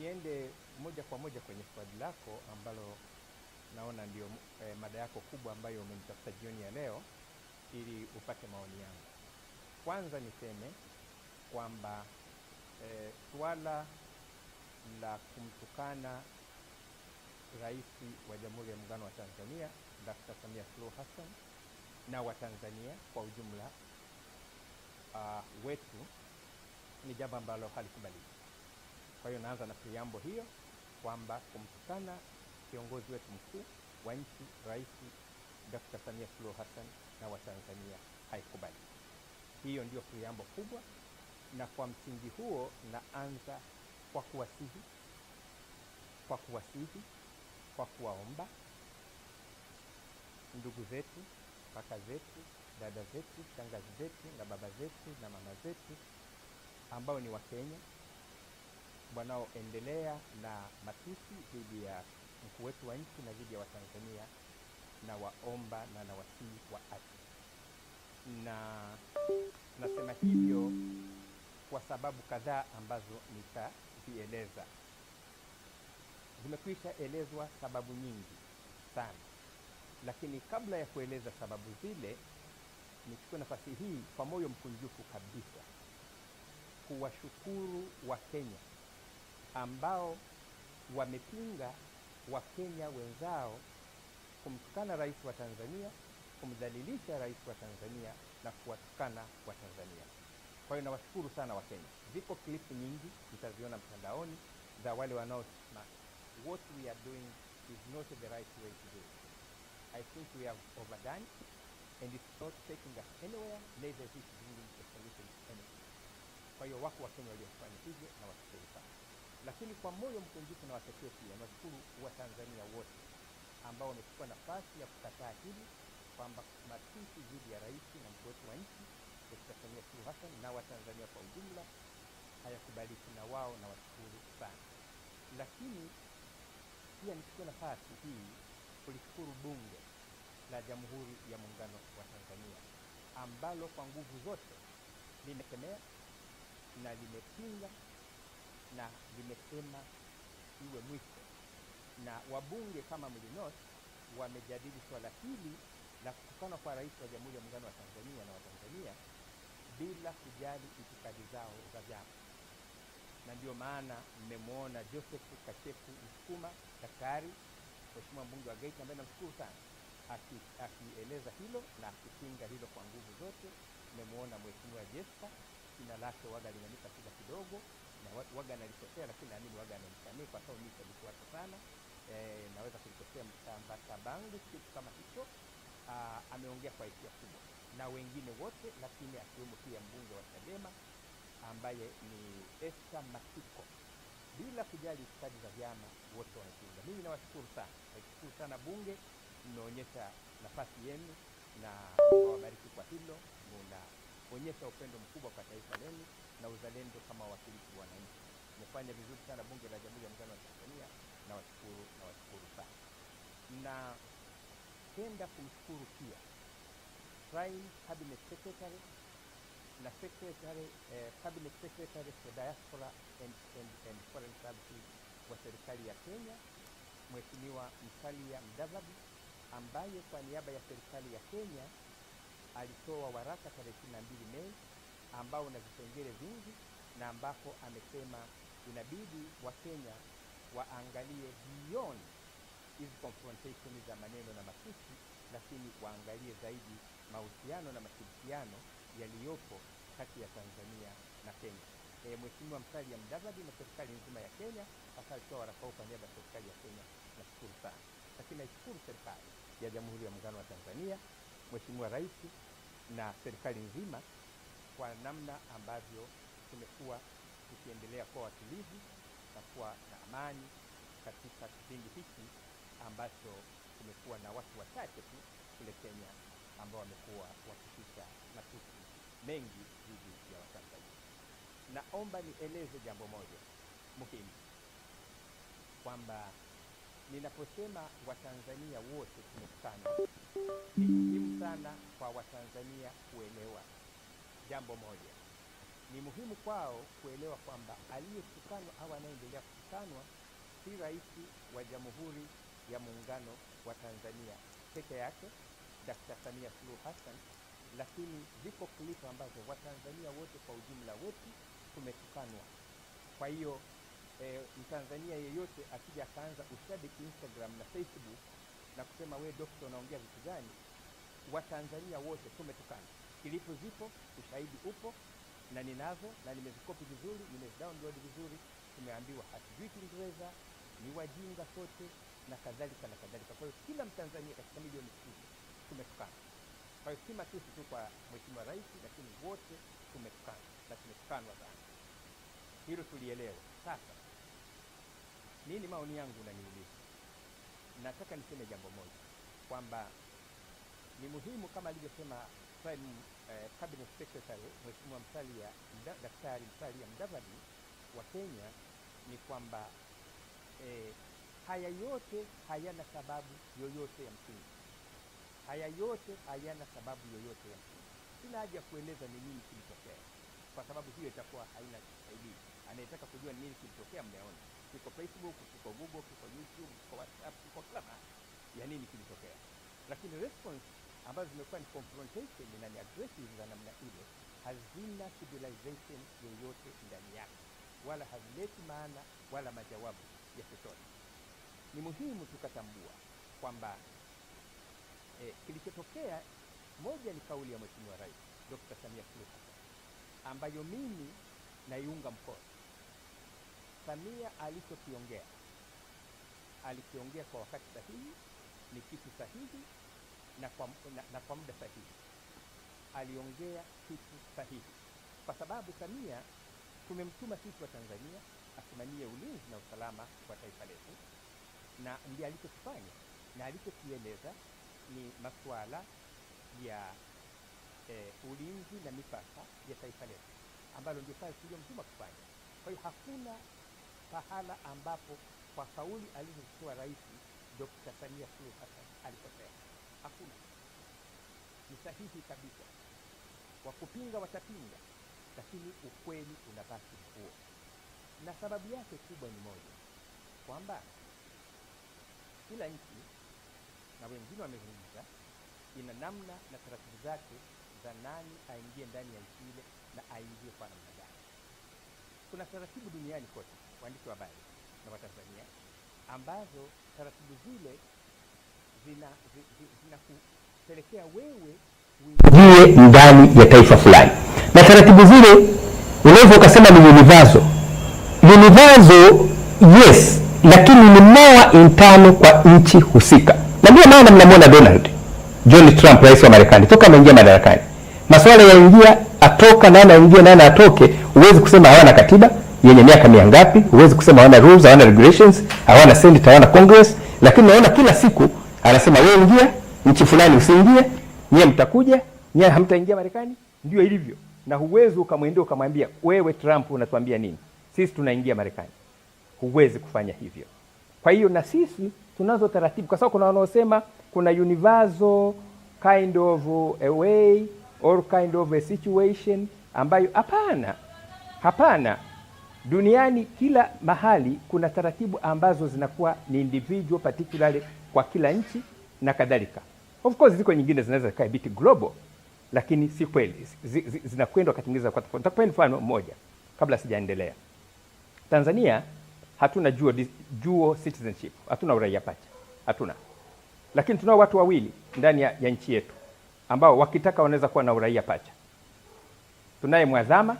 niende moja kwa moja kwenye swali lako ambalo naona ndio eh, mada yako kubwa ambayo umenitafuta jioni ya leo ili upate maoni yangu. Kwanza niseme kwamba eh, la kumtukana Rais wa Jamhuri ya Muungano wa Tanzania Dr. Samia Suluhu Hassan na Watanzania kwa ujumla uh, wetu ni jambo ambalo halikubaliki kwa hiyo naanza na priambo hiyo kwamba kumtukana kiongozi wetu mkuu wa nchi Rais Dkt. Samia Suluhu Hassan na Watanzania haikubali. Hiyo ndiyo priambo kubwa, na kwa msingi huo naanza kwa kuwasihi, kwa kuwasihi, kwa kuwaomba ndugu zetu, kaka zetu, dada zetu, shangazi zetu na baba zetu na mama zetu ambao ni Wakenya wanaoendelea na matusi dhidi ya mkuu wetu wa nchi na dhidi ya Watanzania na waomba na na wasii ati na nasema hivyo kwa sababu kadhaa ambazo nitazieleza. Zimekwisha elezwa sababu nyingi sana, lakini kabla ya kueleza sababu zile, nichukue nafasi hii kwa moyo mkunjufu kabisa kuwashukuru Wakenya ambao wamepinga Wakenya wenzao kumtukana rais wa Tanzania, kumdhalilisha rais wa Tanzania na kuwatukana wa Tanzania. Kwa hiyo nawashukuru sana Wakenya. Ziko klipu nyingi mtaziona mtandaoni za wale wanaosema what we are doing is not the right way to do it. I think we have overdone and it's not taking us anywhere, neither is it bringing a solution to anything. Kwa hiyo wako Wakenya waliofanya hivyo nawashukuru sana lakini kwa moyo mkunjufu na watakiwa pia nashukuru Watanzania wote ambao wamechukua nafasi ya kukataa hili kwamba matisi dhidi ya rais na mkuu wetu wa nchi Dkt. Samia Suluhu Hassan na Watanzania kwa ujumla hayakubaliki, na wao na washukuru sana. Lakini pia nichukue nafasi hii kulishukuru Bunge la Jamhuri ya Muungano wa Tanzania ambalo kwa nguvu zote limekemea na limepinga na vimesema iwe mwisho, na wabunge kama Mlinos wamejadili swala hili la kutukana kwa rais wa Jamhuri ya Muungano wa Tanzania na Watanzania bila kujali itikadi zao za vyama, na ndio maana mmemwona Joseph Kacheku Msukuma, daktari, mheshimiwa mbunge wa Geita, ambaye namshukuru sana, akieleza aki hilo na akipinga hilo kwa nguvu zote. Mmemwona mheshimiwa Jesta, jina lake waga linanipa shida kidogo na waga nalikosea, lakini naamini waga ananisamehe kwa sababu mimi shabiki wake sana e, naweza kulikosea mtambata bangu kitu kama hicho. Ah, ameongea kwa hisia kubwa na wengine wote, lakini akiwemo pia mbunge wa Chadema ambaye ni Esther Masiko bila kujali itikadi za vyama wote wanapinga. Mimi nawashukuru sana, nashukuru sana Bunge, mmeonyesha nafasi yenu na wabariki kwa hilo, munaonyesha upendo mkubwa kwa taifa lenu na uzalendo kama wa wananchi. Mmefanya vizuri sana Bunge la Jamhuri ya Muungano wa Tanzania, na washukuru na washukuru sana. Napenda kumshukuru pia Prime Cabinet Secretary na Secretary, eh, Cabinet Secretary for Diaspora and, and, and Foreign Services wa serikali ya Kenya Mheshimiwa msalia Mudavadi ambaye kwa niaba ya serikali ya Kenya alitoa waraka tarehe 22 Mei ambao una vipengele vingi na ambapo amesema inabidi Wakenya waangalie beyond hizi confrontation za maneno na matusi, lakini waangalie zaidi mahusiano na mashirikiano yaliyopo kati ya Tanzania na Kenya. E, Mheshimiwa Musalia Mudavadi na serikali nzima ya Kenya, hasa alikuwa wanafau kwa niaba ya serikali ya Kenya, nashukuru sana. Lakini naishukuru serikali ya Jamhuri ya Muungano wa Tanzania, Mheshimiwa Rais na serikali nzima kwa namna ambavyo tumekuwa tukiendelea kuwa watulivu na kuwa na amani katika kipindi hiki ambacho kumekuwa na watu wachache tu kule Kenya ambao wamekuwa wakishusha matusi mengi dhidi ya Watanzania. Naomba nieleze jambo moja muhimu kwamba ninaposema Watanzania wote tumekutana, ni muhimu sana kwa Watanzania kuelewa jambo moja. Ni muhimu kwao kuelewa kwamba aliyetukanwa au anayeendelea kutukanwa si rais wa Jamhuri ya Muungano wa Tanzania peke yake, Dkt. Samia Suluhu Hassan, lakini ziko klipu ambazo Watanzania wote kwa ujumla wetu tumetukanwa. Kwa hiyo e, Mtanzania yeyote akija akaanza ushabiki Instagram na Facebook na kusema we dokta, unaongea vitu gani? Watanzania wote tumetukanwa kilipo zipo, ushahidi upo na ninazo na nimezikopi vizuri, nimezidownload vizuri. Tumeambiwa hatujui Kiingereza, ni wajinga sote na kadhalika na kadhalika. Kwa hiyo kila Mtanzania katika milioni sita tumetukana. Kwa hiyo si matusi tu kwa Mheshimiwa Rais, lakini wote tumetukana na tumetukanwa sana. Hilo tulielewa. Sasa nini maoni yangu na niulize, nataka niseme jambo moja kwamba ni muhimu kama alivyosema prime eh, cabinet secretary Mheshimiwa Musalia Daktari Musalia Mudavadi wa Kenya ni kwamba eh, haya yote hayana sababu yoyote ya msingi. Haya yote hayana sababu yoyote ya msingi. Sina haja ya kueleza ni nini kilitokea, kwa sababu hiyo itakuwa haina saidii. Anayetaka kujua nini kilitokea, mmeona kiko Facebook, kiko Google, kiko YouTube, kiko WhatsApp, kiko kila mahali ya nini kilitokea, lakini response ambazo zimekuwa ni confrontation na ni aggressive za namna ile, hazina civilization yoyote ndani yake, wala hazileti maana wala majawabu ya chochote. Ni muhimu tukatambua kwamba eh, kilichotokea moja ni kauli ya Mheshimiwa Rais Dr. Samia Suluhu Hassan ambayo mimi naiunga mkono. Samia alichokiongea alikiongea kwa wakati sahihi, ni kitu sahihi na kwa, na, na kwa muda sahihi. Aliongea kitu sahihi, kwa sababu Samia tumemtuma sisi wa Tanzania asimamie ulinzi na usalama wa taifa letu, na ndiye alichokifanya na alichokieleza ni masuala ya eh, ulinzi na mipaka ya taifa letu ambalo ndio kazi tuliyomtuma kufanya. Kwa hiyo hakuna pahala ambapo kwa kauli alizozitoa Rais Dr. Samia Suluhu Hassan alikosea. Hakuna, ni sahihi kabisa. kupinga watapinga, lakini ukweli unabaki huo, na sababu yake kubwa ni moja, kwamba kila nchi, na wengine wamezungumza, ina namna na taratibu zake za nani aingie ndani ya nchi ile na aingie kwa namna gani. Kuna taratibu duniani kote, waandishi wa habari na Watanzania, ambazo taratibu zile vinakupelekea wewe uingie ndani ya taifa fulani, na taratibu zile unaweza ukasema ni univazo univazo, yes, lakini ni mawa intano kwa nchi husika, na ndio maana mnamwona Donald John Trump, rais wa Marekani, toka ameingia madarakani, masuala ya ingia atoka na anaingia na anatoke, huwezi kusema hawana katiba yenye miaka mia ngapi, huwezi kusema hawana rules, hawana regulations, hawana senate, hawana congress, lakini naona kila siku anasema wewe ingia nchi fulani, usiingie nyie, mtakuja nyie, hamtaingia Marekani. Ndio ilivyo, na huwezi ukamwendea ukamwambia wewe Trump unatuambia nini, sisi tunaingia Marekani. Huwezi kufanya hivyo. Kwa hiyo na sisi tunazo taratibu, kwa sababu kuna wanaosema kuna universal kind of a way or kind of a situation ambayo hapana, hapana. Duniani kila mahali kuna taratibu ambazo zinakuwa ni individual particularly kwa kila nchi na kadhalika. Of course ziko nyingine zinaweza zikae bit global, lakini si kweli zinakwenda wakati mwingine kwa tofauti. Nitakupa mfano mmoja kabla sijaendelea. Tanzania hatuna dual, dual citizenship, hatuna uraia pacha, hatuna lakini tunao watu wawili ndani ya, ya nchi yetu ambao wakitaka wanaweza kuwa na uraia pacha. Tunaye mwadhama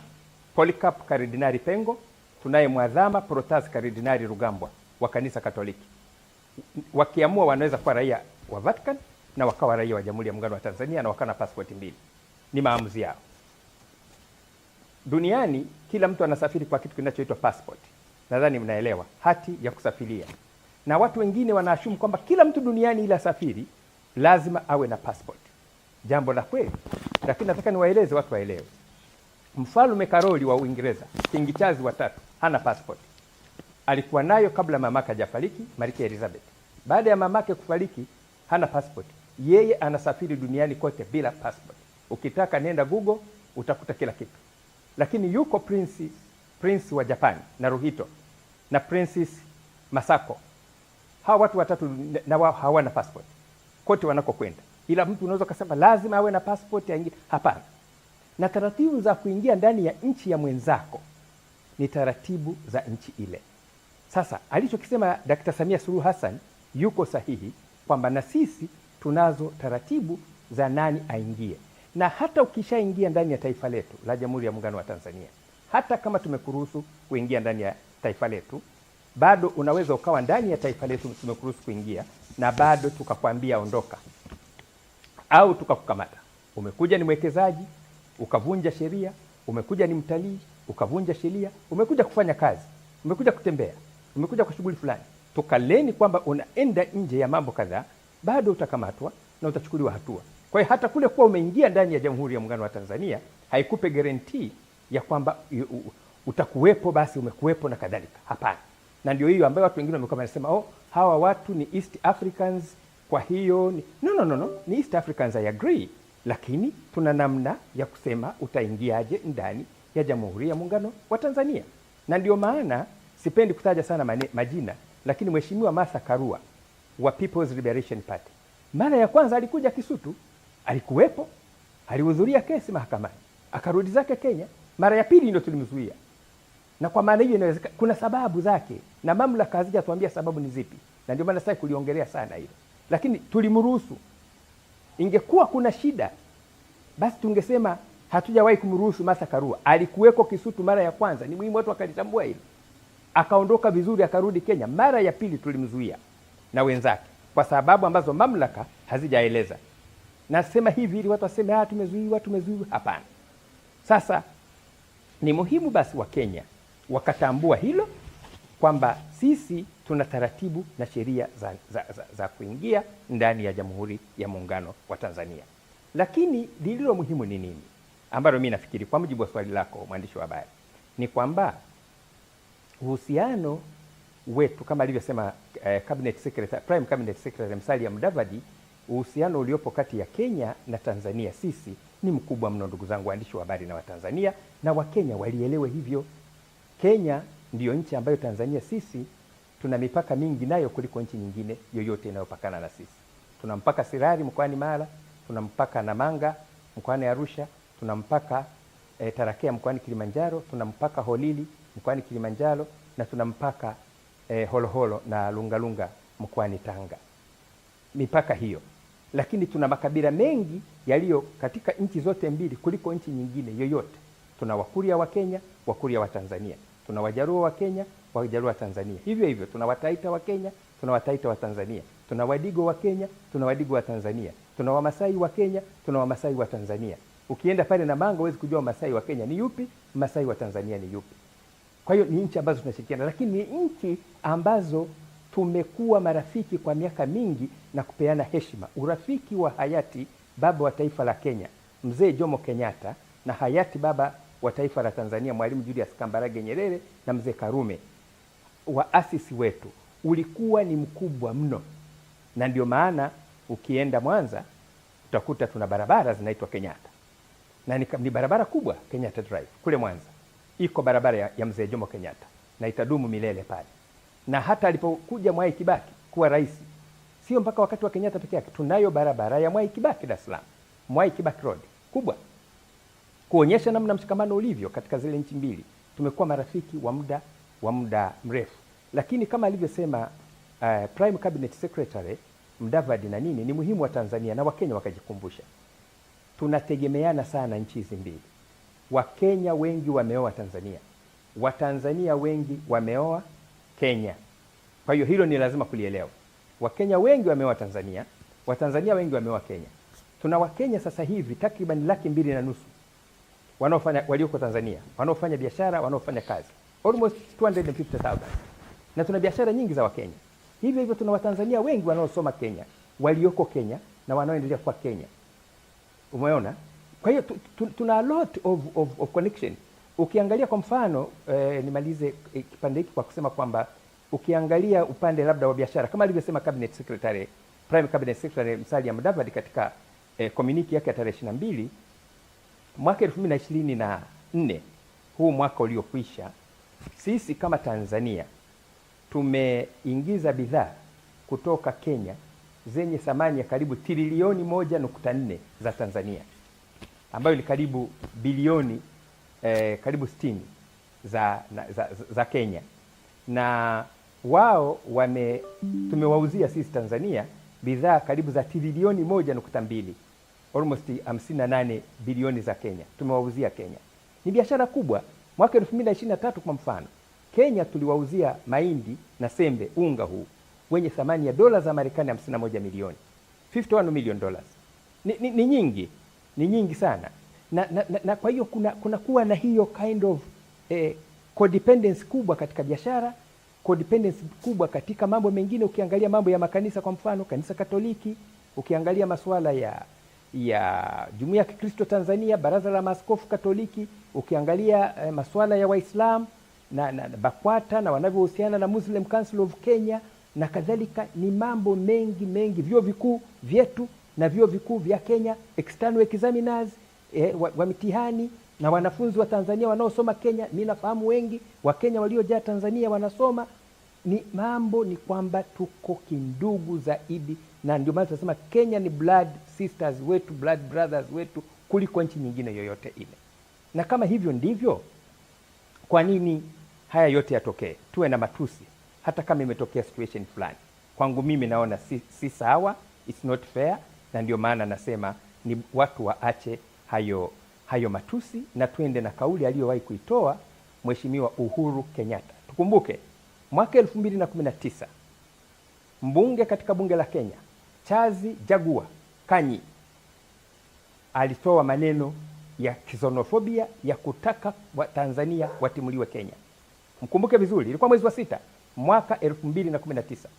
Polycarp Kardinali Pengo, tunaye mwadhama Protas Kardinali Rugambwa wa kanisa Katoliki wakiamua wanaweza kuwa raia wa Vatican na wakawa raia wa Jamhuri ya Muungano wa Tanzania na wakawa na passport mbili. Ni maamuzi yao. Duniani kila mtu anasafiri kwa kitu kinachoitwa passport. Nadhani mnaelewa, hati ya kusafiria. Na watu wengine wanaashumu kwamba kila mtu duniani ila safiri lazima awe na passport. Jambo la kweli, lakini nataka niwaeleze watu waelewe. Mfalme Karoli wa Uingereza, King Charles wa tatu, hana passport alikuwa nayo kabla mamake hajafariki, Malkia Elizabeth. Baada ya mamake kufariki, hana passport. Yeye anasafiri duniani kote bila passport. Ukitaka nenda Google utakuta kila kitu, lakini yuko prince prince wa na Naruhito na princess Masako. Hawa watu watatu na wao hawana passport kote wanakokwenda, ila mtu unaweza kusema lazima awe na passport ya ingine. Hapana, na taratibu za kuingia ndani ya nchi ya mwenzako ni taratibu za nchi ile. Sasa alichokisema Dakta Samia Suluhu Hassan yuko sahihi kwamba na sisi tunazo taratibu za nani aingie, na hata ukishaingia ndani ya taifa letu la Jamhuri ya Muungano wa Tanzania, hata kama tumekuruhusu kuingia ndani ya taifa letu, bado unaweza ukawa ndani ya taifa letu, tumekuruhusu kuingia na bado tukakwambia ondoka, au tukakukamata. Umekuja ni mwekezaji ukavunja sheria, umekuja ni mtalii ukavunja sheria, umekuja kufanya kazi, umekuja kutembea umekuja kwa shughuli fulani, tukaleni kwamba unaenda nje ya mambo kadhaa, bado utakamatwa na utachukuliwa hatua. Kwa hiyo hata kule kuwa umeingia ndani ya Jamhuri ya Muungano wa Tanzania haikupe guarantee ya kwamba utakuwepo basi umekuwepo na kadhalika. Hapana, na ndio hiyo ambayo watu wengine wamekuwa wanasema oh, hawa watu ni East Africans, kwa hiyo ni... no, no, no, no. Ni East Africans, I agree, lakini tuna namna ya kusema utaingiaje ndani ya Jamhuri ya Muungano wa Tanzania, na ndio maana sipendi kutaja sana mani, majina lakini Mheshimiwa Martha Karua wa People's Liberation Party mara ya kwanza alikuja Kisutu, alikuwepo, alihudhuria kesi mahakamani, akarudi zake Kenya. Mara ya pili ndio tulimzuia, na kwa maana hiyo inawezekana kuna sababu zake, na mamlaka hazijatuambia sababu ni zipi, na ndio maana sasa kuliongelea sana hilo, lakini tulimruhusu. Ingekuwa kuna shida, basi tungesema hatujawahi kumruhusu. Martha Karua alikuweko Kisutu mara ya kwanza, ni muhimu watu wakalitambua hilo akaondoka vizuri, akarudi Kenya. Mara ya pili tulimzuia na wenzake kwa sababu ambazo mamlaka hazijaeleza. Nasema hivi ili watu waseme ah, tumezuiwa tumezuiwa. Hapana. Sasa ni muhimu basi Wakenya wakatambua hilo kwamba sisi tuna taratibu na sheria za, za, za, za kuingia ndani ya Jamhuri ya Muungano wa Tanzania. Lakini lililo muhimu ni nini, ambalo mi nafikiri kwa mujibu wa swali lako mwandishi wa habari, ni kwamba uhusiano wetu kama alivyosema eh, cabinet secretary, prime cabinet secretary Musalia Mudavadi, uhusiano uliopo kati ya Kenya na Tanzania sisi ni mkubwa mno, ndugu zangu waandishi wa habari na Watanzania na Wakenya walielewe hivyo. Kenya ndiyo nchi ambayo Tanzania sisi tuna mipaka mingi nayo kuliko nchi nyingine yoyote inayopakana na sisi. Tuna mpaka Sirari mkoani Mara, tuna mpaka Namanga mkoani Arusha, tuna mpaka eh, Tarakea mkoani Kilimanjaro, tuna mpaka Holili mkoani Kilimanjaro na tuna mpaka eh, Holoholo na Lungalunga mkoani Tanga, mipaka hiyo. Lakini tuna makabila mengi yaliyo katika nchi zote mbili kuliko nchi nyingine yoyote. Tuna Wakuria wa Kenya, Wakuria wa Tanzania, tuna Wajaruo wa Kenya, Wajaruo wa Tanzania, hivyo hivyo tuna Wataita wa Kenya, tuna Wataita wa Tanzania, tuna Wadigo wa Kenya, tuna Wadigo wa Tanzania, tuna Wamasai wa Kenya, tuna Wamasai wa Tanzania. Ukienda pale Namanga huwezi kujua Masai wa Kenya ni yupi, Masai wa Tanzania ni yupi. Kwa hiyo ni nchi ambazo tunashirikiana, lakini ni nchi ambazo tumekuwa marafiki kwa miaka mingi na kupeana heshima. Urafiki wa hayati baba wa taifa la Kenya mzee Jomo Kenyatta na hayati baba wa taifa la Tanzania Mwalimu Julius Kambarage Nyerere na mzee Karume, waasisi wetu, ulikuwa ni mkubwa mno, na ndio maana ukienda Mwanza utakuta tuna barabara zinaitwa Kenyatta na ni, ni barabara kubwa Kenyatta Drive kule Mwanza iko barabara ya, ya Mzee Jomo Kenyatta na itadumu milele pale, na hata alipokuja Mwai Kibaki kuwa rais, sio mpaka wakati wa Kenyatta peke yake, tunayo barabara ya Mwai Kibaki Dar es Salaam, Mwai Kibaki Road kubwa, kuonyesha namna mshikamano ulivyo katika zile nchi mbili. Tumekuwa marafiki wa muda wa muda mrefu, lakini kama alivyosema uh, Prime Cabinet Secretary Mdavadi na nini, ni muhimu wa Tanzania na Wakenya wakajikumbusha tunategemeana sana nchi hizi mbili. Wakenya wengi wameoa Tanzania, Watanzania wengi wameoa Kenya. Kwa hiyo hilo ni lazima kulielewa. Wakenya wengi wameoa Tanzania, Watanzania wengi wameoa Kenya. Tuna Wakenya sasa hivi takriban laki mbili na nusu wanaofanya walioko Tanzania, wanaofanya biashara, wanaofanya kazi almost 250,000 na tuna biashara nyingi za Wakenya. Hivyo hivyo tuna Watanzania wengi wanaosoma Kenya, walioko Kenya na wanaoendelea kwa Kenya. Umeona? Kwa hiyo tu, tu, tuna lot of, of, of connection. Ukiangalia kwa mfano eh, nimalize eh, kipande hiki kwa kusema kwamba ukiangalia upande labda wa biashara kama alivyosema cabinet secretary, prime cabinet secretary Musalia Mudavadi katika eh, communique yake ya tarehe 22 mwaka 2024 huu mwaka uliokwisha, sisi kama Tanzania tumeingiza bidhaa kutoka Kenya zenye thamani ya karibu trilioni moja nukta nne za Tanzania ambayo ni karibu bilioni eh, karibu sitini za, za, za Kenya na wao wame tumewauzia sisi Tanzania bidhaa karibu za trilioni moja nukta mbili almost 58 bilioni za Kenya tumewauzia Kenya. Ni biashara kubwa. Mwaka 2023 kwa mfano, Kenya tuliwauzia mahindi na sembe, unga huu wenye thamani ya dola za Marekani 51 milioni, 51 million dollars. Ni, ni, ni nyingi ni nyingi sana na, na, na, na kwa hiyo kuna, kuna kuwa na hiyo kind of eh, codependence kubwa katika biashara, codependence kubwa katika mambo mengine. Ukiangalia mambo ya makanisa kwa mfano, kanisa Katoliki, ukiangalia masuala ya ya Jumuiya ya Kikristo Tanzania, Baraza la Maaskofu Katoliki, ukiangalia eh, masuala ya Waislamu na, na, na BAKWATA na wanavyohusiana na Muslim Council of Kenya na kadhalika, ni mambo mengi mengi, vyuo vikuu vyetu na vyuo vikuu vya Kenya, external examiners eh, wa, wa mitihani na wanafunzi wa Tanzania wanaosoma Kenya. Mimi nafahamu wengi wa Kenya waliojaa Tanzania wanasoma. Ni mambo ni kwamba tuko kindugu zaidi, na ndio maana tunasema Kenya ni blood sisters wetu, blood brothers wetu kuliko nchi nyingine yoyote ile. Na kama hivyo ndivyo, kwa nini haya yote yatokee? Tuwe na matusi hata kama imetokea situation fulani. Kwangu mimi naona si, si sawa, it's not fair na ndio maana nasema ni watu waache hayo hayo matusi na twende na kauli aliyowahi kuitoa Mheshimiwa Uhuru Kenyatta. Tukumbuke mwaka elfu mbili na kumi na tisa mbunge katika bunge la Kenya chazi Jagua Kanyi alitoa maneno ya kizonofobia ya kutaka Watanzania watimuliwe Kenya. Mkumbuke vizuri, ilikuwa mwezi wa sita mwaka elfu mbili na kumi na tisa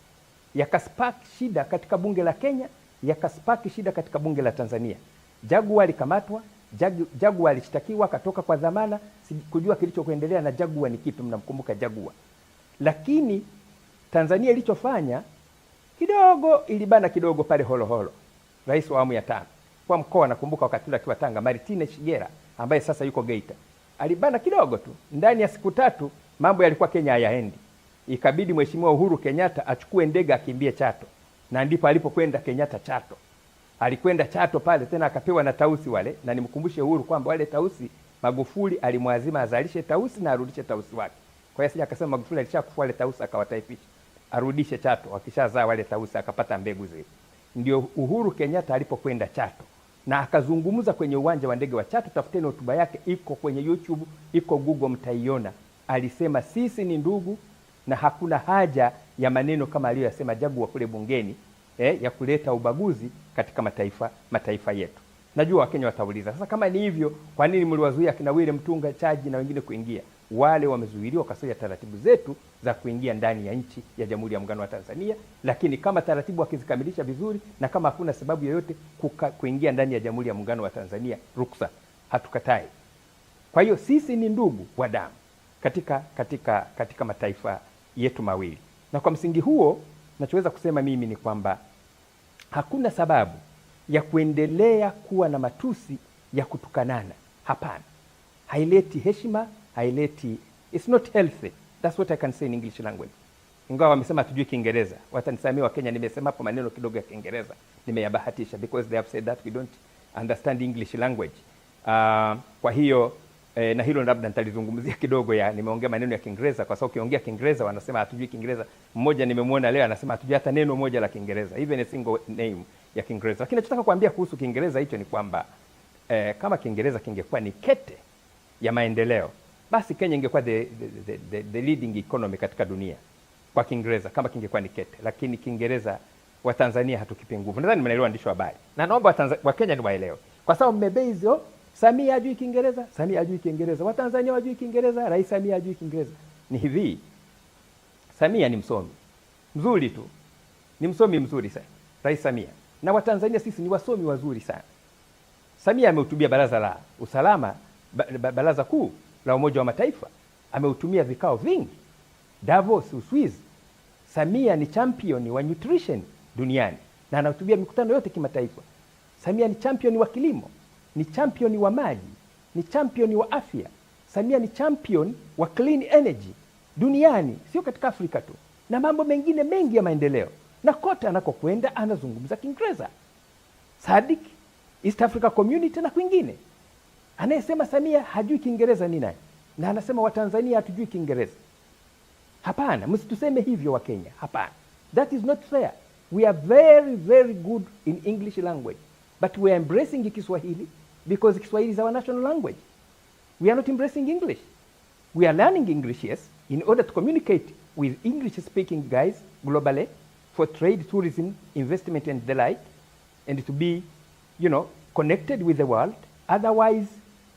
yakaspark shida katika bunge la Kenya yakaspaki shida katika bunge la Tanzania. Jagu alikamatwa, Jagu, Jagu alishtakiwa, akatoka kwa dhamana, kujua kilichokuendelea na Jagu ni kipi, mnamkumbuka Jagu. Lakini Tanzania ilichofanya kidogo, ilibana kidogo pale Holoholo, rais wa awamu ya tano kwa mkoa, nakumbuka wakati ule akiwa Tanga, Martine Shigera ambaye sasa yuko Geita, alibana kidogo tu. Ndani ya siku tatu mambo yalikuwa Kenya hayaendi, ikabidi Mheshimiwa Uhuru Kenyatta achukue ndege akimbie Chato na ndipo alipokwenda Kenyatta Chato. Alikwenda Chato pale tena akapewa na tausi wale, na nimkumbushe Uhuru kwamba wale tausi Magufuli alimwazima azalishe tausi na arudishe tausi wake. Kwa hiyo sija akasema Magufuli alishakufa wale tausi akawataifisha, arudishe Chato, akishazaa wale tausi akapata mbegu zile. Ndio Uhuru Kenyatta alipokwenda Chato na akazungumza kwenye uwanja wa ndege wa Chato. Tafuteni hotuba yake, iko kwenye YouTube, iko Google, mtaiona. Alisema sisi ni ndugu na hakuna haja ya maneno kama aliyoyasema Jagua kule bungeni eh, ya kuleta ubaguzi katika mataifa mataifa yetu. Najua Wakenya watauliza sasa, kama ni hivyo, kwa nini mliwazuia akina Wile Mtunga, Chaji na wengine kuingia? Wale wamezuiliwa kwa sababu ya taratibu zetu za kuingia ndani ya nchi ya Jamhuri ya Muungano wa Tanzania, lakini kama taratibu wakizikamilisha vizuri na kama hakuna sababu yoyote kuingia ndani ya Jamhuri ya Muungano wa Tanzania, ruksa hatukatai. Kwa hiyo sisi ni ndugu wa damu katika, katika, katika mataifa yetu mawili. Na kwa msingi huo, nachoweza kusema mimi ni kwamba hakuna sababu ya kuendelea kuwa na matusi ya kutukanana. Hapana, haileti heshima, haileti, it's not healthy. That's what I can say in English language. Ingawa wamesema hatujui Kiingereza, watanisamia Wakenya, nimesema hapo maneno kidogo ya Kiingereza nimeyabahatisha, because they have said that we don't understand English language. Uh, kwa hiyo E, na hilo labda nitalizungumzia kidogo ya nimeongea maneno ya Kiingereza kwa sababu ukiongea Kiingereza wanasema hatujui Kiingereza. Mmoja nimemwona leo anasema hatujui hata neno moja la Kiingereza, even a single name ya Kiingereza. Lakini nataka kuambia kuhusu Kiingereza hicho ni kwamba e, kama Kiingereza kingekuwa ni kete ya maendeleo, basi Kenya ingekuwa the, the, the, the, the leading economy katika dunia kwa Kiingereza kama kingekuwa ni kete, lakini Kiingereza Watanzania hatukipi nguvu. Nadhani mnaelewa, waandishi habari, na naomba wa Kenya ni waelewe kwa sababu mmebase Samia ajui Kiingereza, Samia ajui Kiingereza, Watanzania wajui Kiingereza, Rais Samia ajui Kiingereza. Ni hivi, Samia ni msomi mzuri tu, ni msomi mzuri sana Rais Samia, na Watanzania sisi ni wasomi wazuri sana. Samia amehutubia baraza la usalama ba, baraza kuu la Umoja wa Mataifa, amehutumia vikao vingi Davos, Uswizi. Samia ni champion wa nutrition duniani na anahutubia mikutano yote kimataifa. Samia ni champion wa kilimo ni champion wa maji, ni champion wa afya. Samia ni champion wa clean energy duniani, sio katika Afrika tu, na mambo mengine mengi ya maendeleo. Na kote anakokwenda anazungumza Kiingereza, Sadik, East Africa Community na kwingine. Anayesema Samia hajui Kiingereza ni nani? Na anasema Watanzania hatujui Kiingereza. Hapana, msituseme hivyo wa Kenya. Hapana, that is not fair. We are very very good in English language but we are embracing Kiswahili because Kiswahili is our national language. We are not embracing English. We are learning English, yes, in order to communicate with English speaking guys globally for trade, tourism, investment, and the like, and to be, you know, connected with the world. Otherwise,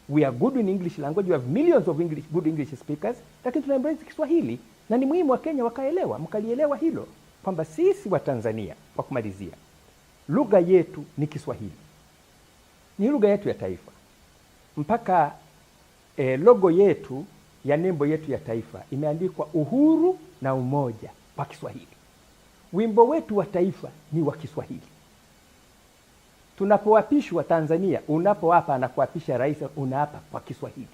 we are good in English language. We have millions of English, good English speakers, lakini tuna embrace Kiswahili, na ni muhimu kenya wakaelewa, mkalielewa hilo kwamba sisi wa Tanzania, kwa kumalizia, lugha yetu ni Kiswahili ni lugha yetu ya taifa. Mpaka e, logo yetu ya nembo yetu ya taifa imeandikwa uhuru na umoja kwa Kiswahili. Wimbo wetu wa taifa ni wa Kiswahili. Tunapoapishwa Tanzania, unapoapa anakuapisha rais, unaapa kwa Kiswahili.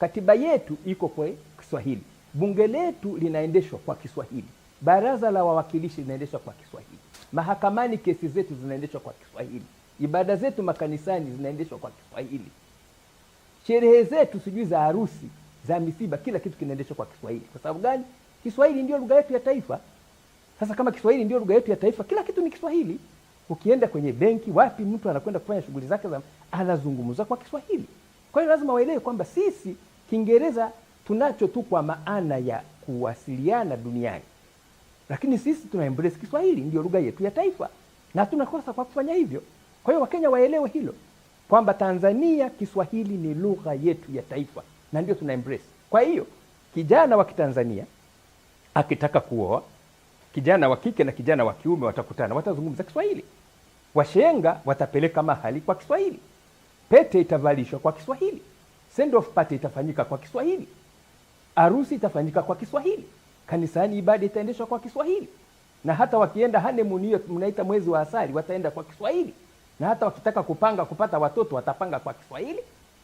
Katiba yetu iko kwa Kiswahili. Bunge letu linaendeshwa kwa Kiswahili. Baraza la wawakilishi linaendeshwa kwa Kiswahili. Mahakamani kesi zetu zinaendeshwa kwa Kiswahili. Ibada zetu makanisani zinaendeshwa kwa Kiswahili, sherehe zetu sijui za harusi, za misiba, kila kitu kinaendeshwa kwa Kiswahili. Kwa sababu gani? Kiswahili ndio lugha yetu ya taifa. Sasa kama Kiswahili ndio lugha yetu ya taifa, kila kitu ni Kiswahili. Ukienda kwenye benki, wapi mtu anakwenda kufanya shughuli zake za anazungumza kwa Kiswahili. Kwa hiyo lazima waelewe kwamba sisi Kiingereza tunacho tu kwa maana ya kuwasiliana duniani, lakini sisi tuna embrace Kiswahili, ndio lugha yetu ya taifa, na tunakosa kwa kufanya hivyo. Kwa hiyo Wakenya waelewe hilo kwamba Tanzania Kiswahili ni lugha yetu ya taifa na ndio tuna embrace. Kwa hiyo kijana wa Kitanzania akitaka kuoa, kijana wa kike na kijana wa kiume watakutana, watazungumza Kiswahili. Washenga watapeleka mahali kwa Kiswahili, pete itavalishwa kwa Kiswahili, send off party itafanyika kwa Kiswahili, arusi itafanyika kwa Kiswahili, kanisani ibada itaendeshwa kwa Kiswahili, na hata wakienda honeymoon, hiyo mnaita mwezi wa asali, wataenda kwa Kiswahili na hata wakitaka kupanga kupata watoto watapanga kwa Kiswahili,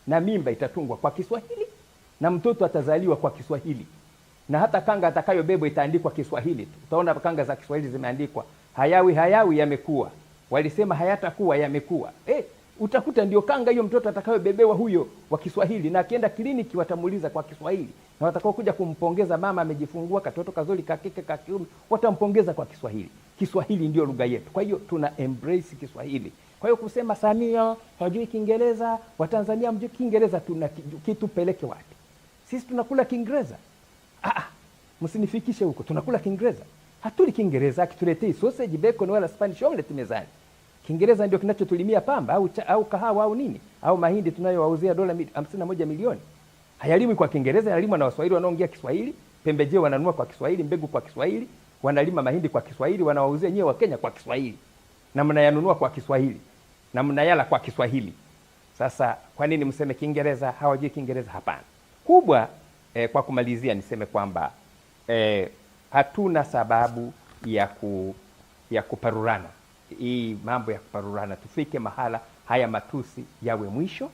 na mimba itatungwa kwa Kiswahili, na mtoto atazaliwa kwa Kiswahili, na hata kanga atakayobebwa itaandikwa Kiswahili tu. Utaona kanga za Kiswahili zimeandikwa hayawi hayawi, yamekuwa walisema hayatakuwa, yamekuwa eh, utakuta ndio kanga hiyo mtoto atakayobebewa huyo wa Kiswahili, na akienda kliniki watamuuliza kwa Kiswahili, na watakao kuja kumpongeza mama amejifungua katoto kazuri ka kike ka kiume, watampongeza kwa Kiswahili. Kiswahili ndio lugha yetu, kwa hiyo tuna embrace Kiswahili. Kwa hiyo kusema Samia hajui Kiingereza, Watanzania mjui Kiingereza, tuna kitupeleke wapi sisi? Tunakula Kiingereza? Ah, ah, msinifikishe huko, tunakula Kiingereza, hatuli Kiingereza. Akituletei sausage, bacon wala spanish omelette mezani, Kiingereza ndio kinachotulimia pamba au, cha, au kahawa au nini au mahindi tunayowauzia dola hamsini na moja milioni. Hayalimwi kwa Kiingereza, yanalimwa na Waswahili wanaongea Kiswahili, pembejeo wananua kwa Kiswahili, mbegu kwa Kiswahili, wanalima mahindi kwa Kiswahili, wanawauzia nyewe Wakenya kwa Kiswahili na mnayanunua kwa Kiswahili na mnayala kwa Kiswahili. Sasa kwa nini mseme Kiingereza? Hawajui Kiingereza? Hapana. Kubwa eh, kwa kumalizia niseme kwamba eh, hatuna sababu ya ku, ya kuparurana. Hii mambo ya kuparurana, tufike mahala haya matusi yawe mwisho.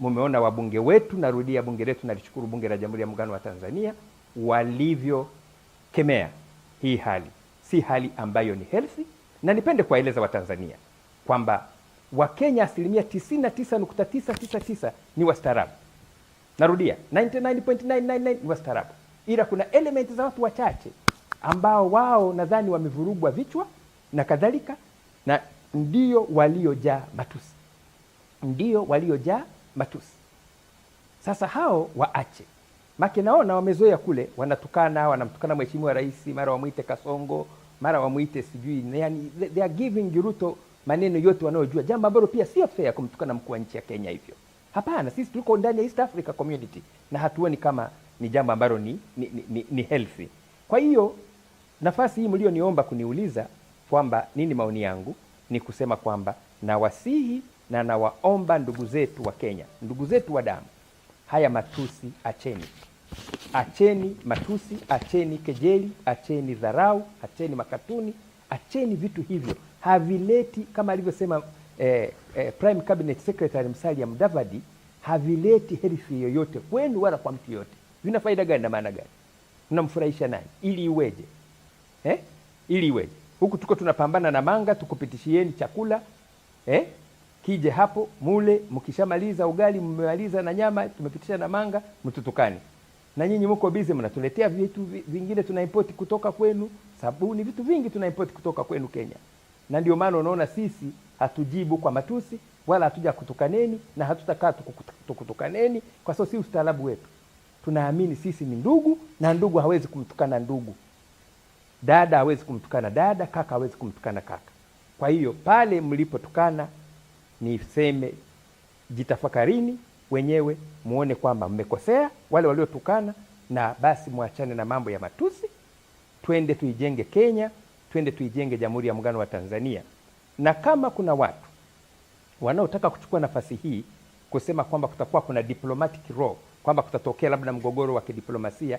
Mumeona wabunge wetu, narudia bunge letu, nalishukuru bunge la Jamhuri ya Muungano wa Tanzania walivyokemea hii hali, si hali ambayo ni healthy, na nipende kuwaeleza Watanzania kwamba Wakenya asilimia 99.999 ni wastaarabu. Narudia, 99.999 ni wastaarabu, ila kuna elementi za watu wachache ambao wao nadhani wamevurugwa vichwa na kadhalika, na ndio waliojaa matusi, ndio waliojaa matusi. Sasa hao waache make, naona wamezoea kule, wanatukana wanamtukana mheshimiwa rais, mara wamwite Kasongo, mara wamwite sijui, yani they are giving Ruto maneno yote wanayojua, jambo ambalo pia sio fair kumtukana mkuu wa nchi ya Kenya hivyo. Hapana, sisi tuko ndani ya East Africa Community na hatuoni kama ni jambo ambalo ni, ni, ni, ni, ni healthy. Kwa hiyo nafasi hii mlioniomba kuniuliza kwamba nini maoni yangu ni kusema kwamba nawasihi na nawaomba ndugu zetu wa Kenya, ndugu zetu wa damu, haya matusi acheni, acheni matusi, acheni kejeli, acheni dharau, acheni makatuni, acheni vitu hivyo havileti kama alivyosema eh, eh, Prime Cabinet Secretary Musalia Mudavadi, havileti herufi yoyote kwenu wala kwa mtu yoyote. Vina faida gani na maana gani? Tunamfurahisha nani? Ili iweje eh? Ili iweje? Huku tuko tunapambana na manga, tukupitishieni chakula eh? Kije hapo mule, mkishamaliza ugali, mmemaliza na nyama, tumepitisha na manga, mtutukane na nyinyi mko busy mnatuletea vitu vingine tunaimport kutoka kwenu, sabuni, vitu vingi tunaimport kutoka kwenu Kenya na ndio maana unaona sisi hatujibu kwa matusi wala hatuja kutukaneni na hatutakaa tukutukaneni, kwa sababu si ustaarabu wetu. Tunaamini sisi ni ndugu, na ndugu hawezi kumtukana ndugu, dada hawezi kumtukana dada, kaka hawezi kumtukana kaka. Kwa hiyo pale mlipotukana, niseme jitafakarini wenyewe, muone kwamba mmekosea, wale waliotukana, na basi mwachane na mambo ya matusi, twende tuijenge Kenya twende tuijenge Jamhuri ya Muungano wa Tanzania. Na kama kuna watu wanaotaka kuchukua nafasi hii kusema kwamba kutakuwa kuna diplomatic row, kwamba kutatokea labda mgogoro wa kidiplomasia